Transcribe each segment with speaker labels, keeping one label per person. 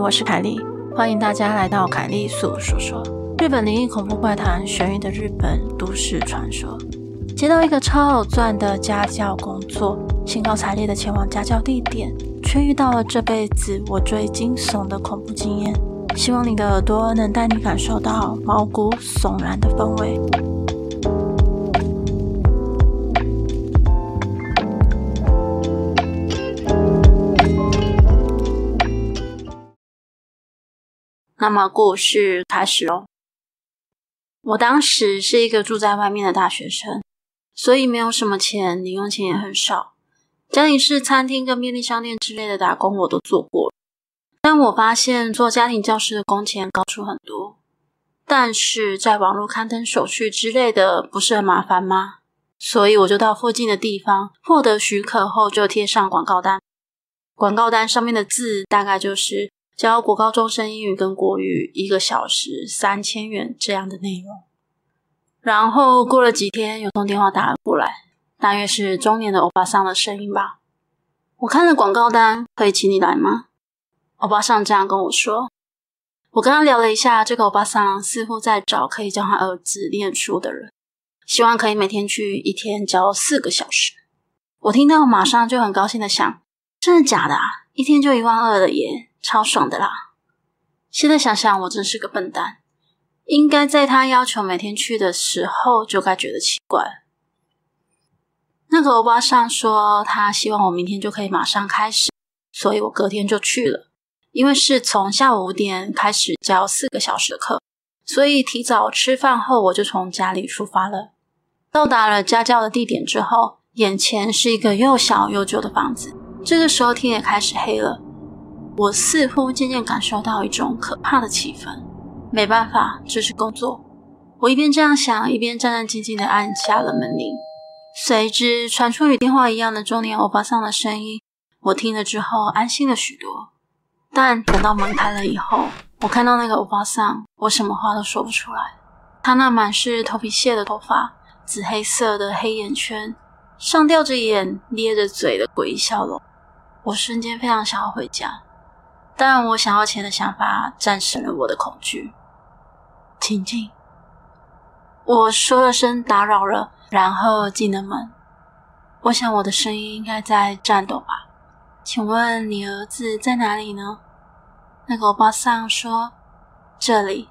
Speaker 1: 我是凱莉，歡迎大家來到凱莉粟說說，日本靈異恐怖怪談、懸疑的日本都市傳說。接到一個超好賺的家教工作，興高采烈地前往家教地點，卻遇到了這輩子我最驚悚的恐怖經驗。希望你的耳朵能帶你感受到毛骨悚然的氛圍。那麼故事開始嘍、哦。我當時是一個住在外面的大學生，所以沒有什麼錢，零用錢也很少。家庭式餐廳跟便利商店之類的打工我都做過了，但我發現做家庭教師的工錢高出很多。但是在網絡刊登手續之類的不是很麻煩嗎？所以我就到附近的地方獲得許可後，就貼上廣告單。廣告單上面的字大概就是。教國高中生英語跟國語，一個小時三千元這樣的內容。然後過了幾天，有通電話打了過來，大約是中年的歐巴桑的聲音吧。我看了廣告單，可以請你來嗎？歐巴桑這樣跟我說。我跟他聊了一下，這個歐巴桑似乎在找可以教他兒子念書的人，希望可以每天去一天教四個小時。我聽到我馬上就很高興的想：真的假的啊？一天就一萬二了耶！超爽的啦！現在想想，我真是個笨蛋。應該在他要求每天去的時候，就該覺得奇怪。那個歐巴桑說，他希望我明天就可以馬上開始，所以我隔天就去了。因為是從下午五點開始教四個小時的課，所以提早吃飯後，我就從家裡出發了。到達了家教的地點之後，眼前是一個又小又舊的房子。這個時候天也開始黑了。我似乎漸漸感受到一種可怕的氣氛，沒辦法，這是工作。我一邊這樣想，一邊戰戰兢兢地按下了門鈴。隨之傳出與電話一樣的中年歐巴桑的聲音，我聽了之後安心了許多。但等到門開了以後，我看到那個歐巴桑，我什麼話都說不出來。他那滿是頭皮屑的頭髮、紫黑色的黑眼圈、上吊着眼、捏着嘴的詭異笑容，我瞬間非常想要回家。但我想要錢的想法戰勝了我的恐懼，請進。我說了聲打擾了，然後進了門。我想我的聲音應該在顫抖吧？請問你兒子在哪裡呢？那個歐巴桑說：“這裡。”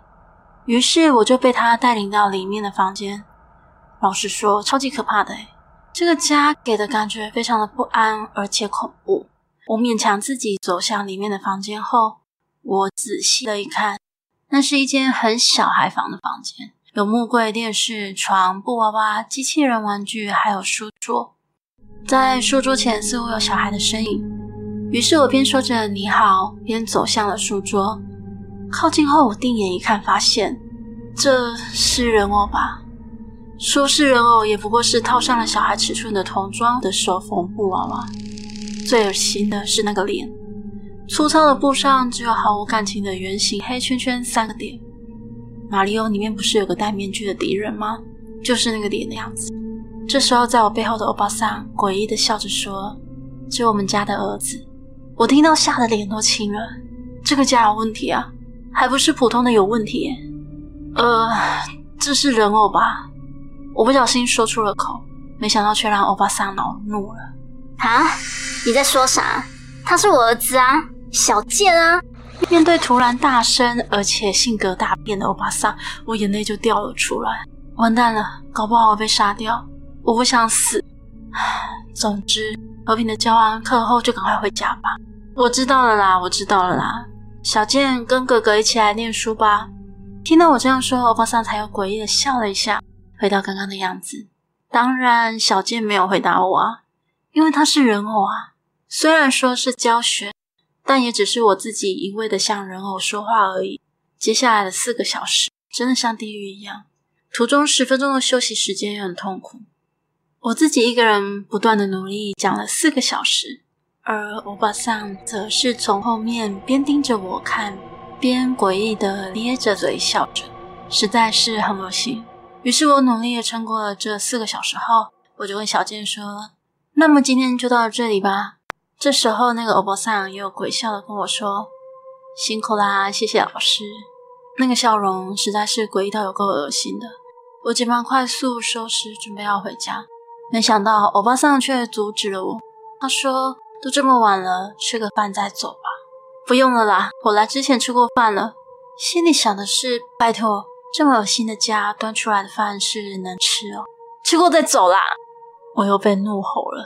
Speaker 1: 於是我就被他帶領到裡面的房間。老實說，超級可怕的，哎，這個家給的感覺非常的不安，而且恐怖。我勉強自己走向裡面的房間後，我仔細的一看，那是一間很小孩房的房間，有木櫃、電視、床、布娃娃、機器人玩具，還有書桌。在書桌前似乎有小孩的身影，於是我邊說着“你好”，邊走向了書桌。靠近後，我定眼一看，發現這是人偶吧？說是人偶，也不過是套上了小孩尺寸的童裝的手縫布娃娃。最噁心的是那個臉，粗糙的布上只有毫無感情的圓形黑圈圈三個點。馬里奧裡面不是有個戴面具的敵人嗎？就是那個臉的樣子。這時候，在我背後的歐巴桑詭異的笑着說：“只有我們家的兒子。”我聽到嚇得臉都青了。這個家有問題啊，還不是普通的有問題、欸？呃，這是人偶吧？我不小心說出了口，沒想到卻讓歐巴桑惱怒了。啊！你在說啥？他是我兒子啊，小健啊！面對突然大聲而且性格大變的歐巴桑，我眼淚就掉了出來。完蛋了，搞不好我被殺掉，我不想死。唉，總之，和平的教完課後就趕快回家吧。我知道了啦，我知道了啦。小健跟哥哥一起來念書吧。聽到我這樣說，歐巴桑才有詭異的笑了一下，回到剛剛的樣子。當然，小健沒有回答我啊。因為他是人偶啊，雖然說是教學，但也只是我自己一味的向人偶說話而已。接下來的四個小時，真的像地獄一樣，途中十分鐘的休息時間也很痛苦。我自己一個人不斷的努力講了四個小時，而歐巴桑則是從後面邊盯着我看，邊詭異的咧着嘴笑着，實在是很噁心。於是我努力也撐過了這四個小時後，我就問小健說。那麼今天就到這裡吧。這時候，那個歐巴桑也有詭笑的跟我說：“辛苦啦，謝謝老師。”那個笑容實在是詭異到有夠噁心的。我急忙快速收拾，準備要回家。沒想到歐巴桑卻阻止了我，他說：“都這麼晚了，吃個飯再走吧。”“不用了啦，我來之前吃過飯了。”心裡想的是：“拜託，這麼噁心的家端出來的飯是能吃哦。”“吃過再走啦。”我又被怒吼了，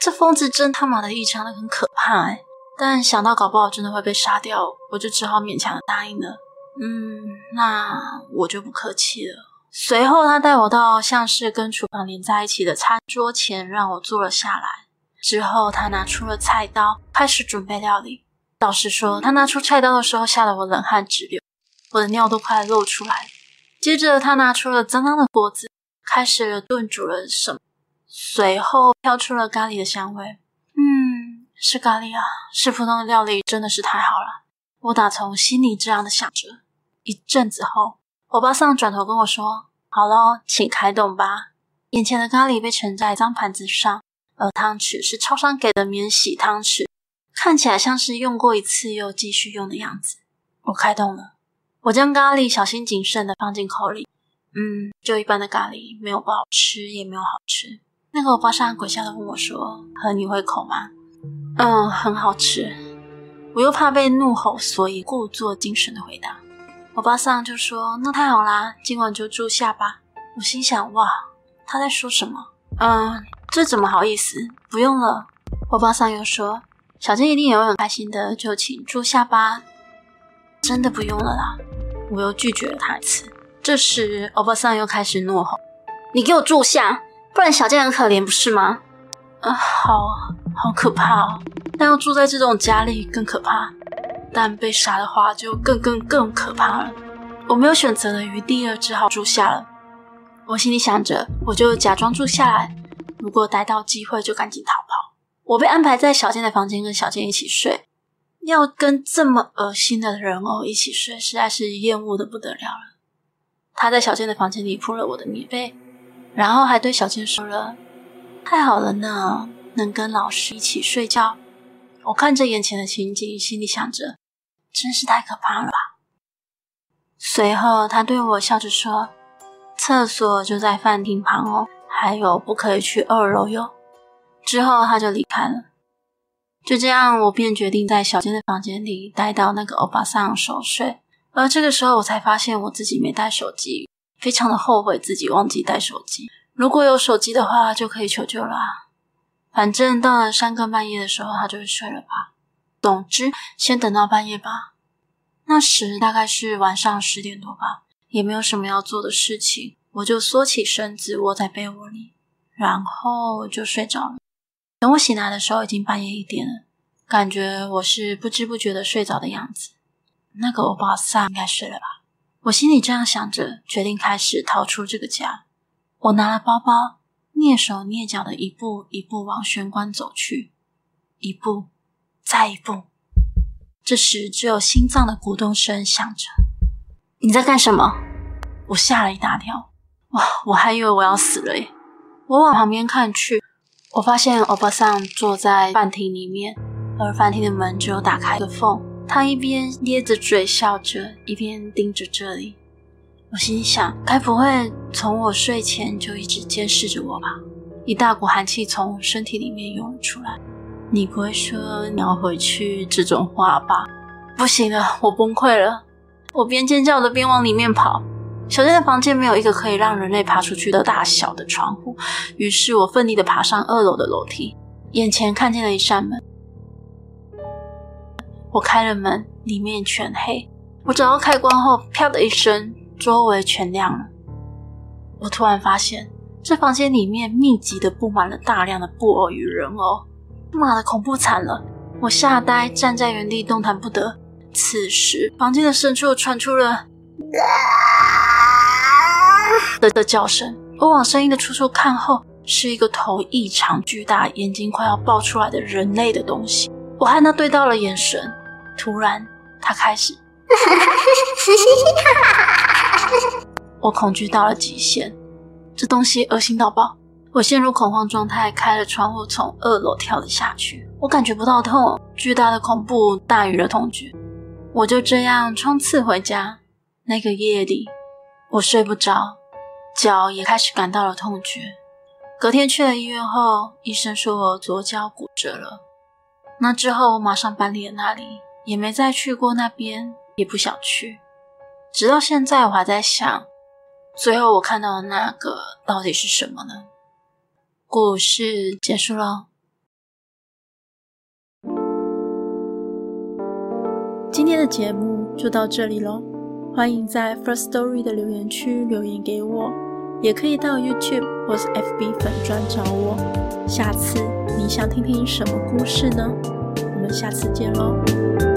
Speaker 1: 這瘋子真他媽的異常的很可怕。哎，但想到搞不好真的會被殺掉，我就只好勉強的答應了。嗯，那我就不客氣了。隨後，他帶我到像是跟廚房連在一起的餐桌前，讓我坐了下來。之後，他拿出了菜刀，開始準備料理。老實說，他拿出菜刀的時候，嚇得我冷汗直流，我的尿都快漏出來。接着，他拿出了髒髒的鍋子，開始燉煮了什麼。隨後飄出了咖喱的香味，嗯，是咖喱啊，是普通的料理，真的是太好了。我打從心裡這樣的想着。一陣子後，歐巴桑轉頭跟我說：“好了，請開動吧。”眼前的咖喱被盛在一張盤子上，而湯匙是超商給的免洗湯匙，看起來像是用過一次又繼續用的樣子。我開動了，我將咖喱小心謹慎的放進口裡，嗯，就一般的咖喱，沒有不好吃，也沒有好吃。那個歐巴桑詭笑的問我說：“合你胃口嗎？”嗯，很好吃。我又怕被怒吼，所以故作精神的回答。歐巴桑就說：“那太好啦，今晚就住下吧。”我心想：“哇，他在說什麼？”嗯，這怎麼好意思？不用了。歐巴桑又說：“小珍一定也會很開心的，就請住下吧。”真的不用了啦，我又拒絕了他一次。這時，歐巴桑又開始怒吼：“你給我住下！”不然小健很可憐，不是嗎？啊、呃，好好可怕哦！但要住在這種家裡更可怕，但被殺的話就更更更可怕了。我沒有選擇的餘地了，只好住下了。我心裡想着，我就假裝住下來。如果逮到機會，就趕緊逃跑。我被安排在小健的房間，跟小健一起睡。要跟這麼噁心的人偶一起睡，實在是厭惡的不得了了。他在小健的房間裡鋪了我的棉被。然後還對小千說了：“太好了呢，能跟老師一起睡覺。”我看着眼前的情景，心裡想着：“真是太可怕了吧。”隨後他對我笑着說：“廁所就在飯廳旁哦，還有不可以去二樓喲。”之後他就離開了。就這樣，我便決定在小千的房間裡待到那個歐巴桑熟睡。而這個時候，我才發現我自己沒帶手機。非常的後悔自己忘記帶手機，如果有手機的話就可以求救啦啊。反正到了三更半夜的時候，他就會睡了吧。總之，先等到半夜吧。那時大概是晚上十點多吧，也沒有什麼要做的事情，我就縮起身子窩在被窩裡，然後就睡着了。等我醒來的時候，已經半夜一點了，感覺我是不知不覺的睡着的樣子。那個歐巴桑應該睡了吧。我心裡這樣想着，決定開始逃出這個家。我拿了包包，躡手躡腳的一步一步往玄關走去，一步，再一步。這時，只有心臟的鼓動聲響着。你在幹什麼？我嚇了一大跳，哇！我還以為我要死了耶。我往旁邊看去，我發現歐巴桑坐在飯廳裡面，而飯廳的門只有打開一個縫。他一邊咧着嘴笑着，一邊盯着這裡。我心想，該不會從我睡前就一直監視着我吧？一大股寒氣從身體裡面湧了出來。你不會說你要回去這種話吧？不行了，我崩潰了！我邊尖叫着邊往裡面跑。小鎮的房間沒有一個可以讓人類爬出去的大小的窗戶，於是我奮力地爬上二樓的樓梯，眼前看見了一扇門。我開了門，裡面全黑。我找到開關後，啪的一聲，周圍全亮了。我突然發現，這房間裡面密集的布滿了大量的布偶與人偶。媽的，恐怖慘了！我嚇呆，站在原地動彈不得。此時，房間的深處傳出了的的叫聲。我往聲音的出處看後，是一個頭異常巨大、眼睛快要爆出來的人類的東西。我和他對到了眼神。突然，他開始， 我恐懼到了極限，這東西噁心到爆！我陷入恐慌狀態，開了窗戶，從二樓跳了下去。我感覺不到痛，巨大的恐怖大於了痛覺。我就這樣衝刺回家。那個夜裡，我睡不着，腳也開始感到了痛覺。隔天去了醫院後，醫生說我左腳骨折了。那之後，我馬上搬離了那裡。也沒再去過那邊，也不想去。直到現在，我還在想，最後我看到的那個到底是什麼呢？故事結束嘍。今天的節目就到這裡嘍，歡迎在 First Story 的留言區留言給我，也可以到 YouTube 或是 FB 粉專找我。下次你想聽聽什麼故事呢？我們下次見嘍。